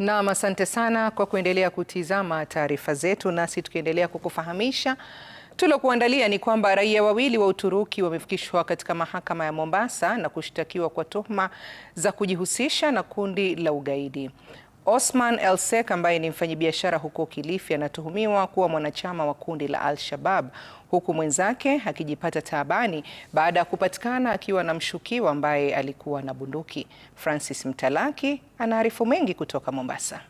Naam, asante sana kwa kuendelea kutizama taarifa zetu, nasi tukiendelea kukufahamisha tulokuandalia ni kwamba raia wawili wa Uturuki wamefikishwa katika mahakama ya Mombasa na kushtakiwa kwa tuhuma za kujihusisha na kundi la ugaidi. Osman Elsek ambaye ni mfanyabiashara huko Kilifi anatuhumiwa kuwa mwanachama wa kundi la Al-Shabab huku mwenzake akijipata taabani baada ya kupatikana akiwa na mshukiwa ambaye alikuwa na bunduki. Francis Mtalaki anaarifu mengi kutoka Mombasa.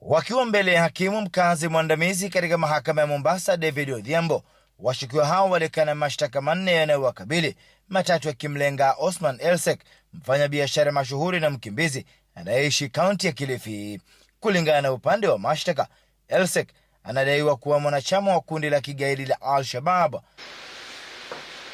Wakiwa mbele ya hakimu mkazi mwandamizi katika mahakama ya Mombasa David Odhiambo Washukiwa hao walikana mashtaka manne yanayowakabili, matatu yakimlenga Osman Elsek, mfanyabiashara mashuhuri na mkimbizi anayeishi kaunti ya Kilifi. Kulingana na upande wa mashtaka, Elsek anadaiwa kuwa mwanachama wa kundi la kigaidi la Al-Shabab.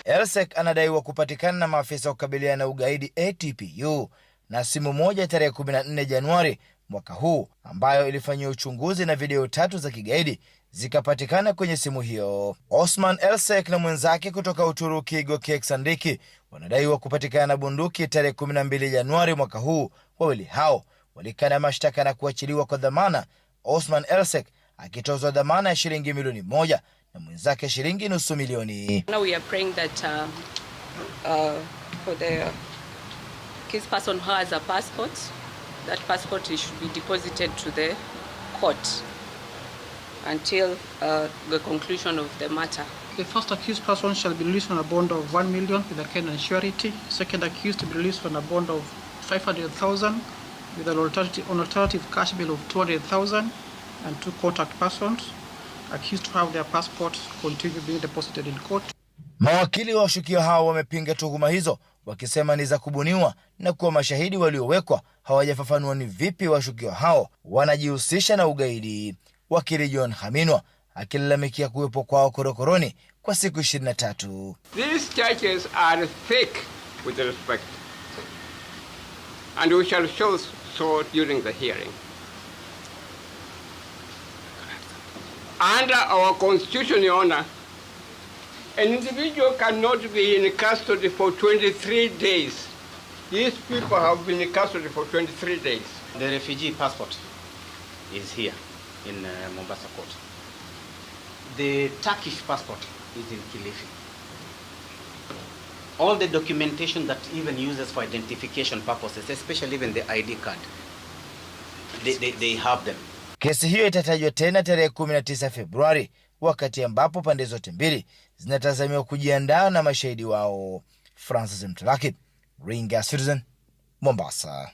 Elsek anadaiwa kupatikana na maafisa wa kukabiliana na ugaidi ATPU na simu moja tarehe 14 Januari mwaka huu ambayo ilifanyia uchunguzi na video tatu za kigaidi zikapatikana kwenye simu hiyo. Osman Elsek na mwenzake kutoka Uturuki Gokek Sandiki wanadaiwa kupatikana na bunduki tarehe 12 Januari mwaka huu. Wawili hao walikana mashtaka na kuachiliwa kwa dhamana, Osman Elsek akitozwa dhamana ya shilingi milioni moja na mwenzake shilingi nusu milioni. Uh, uh, uh, that passport, it should be deposited to the court until uh, the conclusion of the matter. The first accused person shall be released on a bond of 1 million with a Kenyan surety. Second accused to be released on a bond of 500,000 with an alternative, an alternative cash bill of 200,000 and two contact persons accused to have their passports continue being deposited in court. Mawakili wa washukiwa hao wamepinga tuhuma hizo wakisema ni za kubuniwa na kuwa mashahidi waliowekwa hawajafafanua ni vipi washukiwa hao wanajihusisha na ugaidi wakili John Haminwa akilalamikia kuwepo kwao korokoroni kwa siku 23. These charges are thick with respect and we shall show so during the hearing. Under our constitution, Your Honor, an individual cannot be in custody for 23 days. These people have been in custody for 23 days. The refugee passport is here in uh, Mombasa Court. The Turkish passport is in Kilifi. All the documentation that even uses for identification purposes, especially even the ID card, they, they, they have them. Kesi hiyo itatajwa tena tarehe 19 Februari wakati ambapo pande zote mbili zinatazamiwa kujiandaa na mashahidi wao. Francis Mtalaki, Ringa Citizen, Mombasa.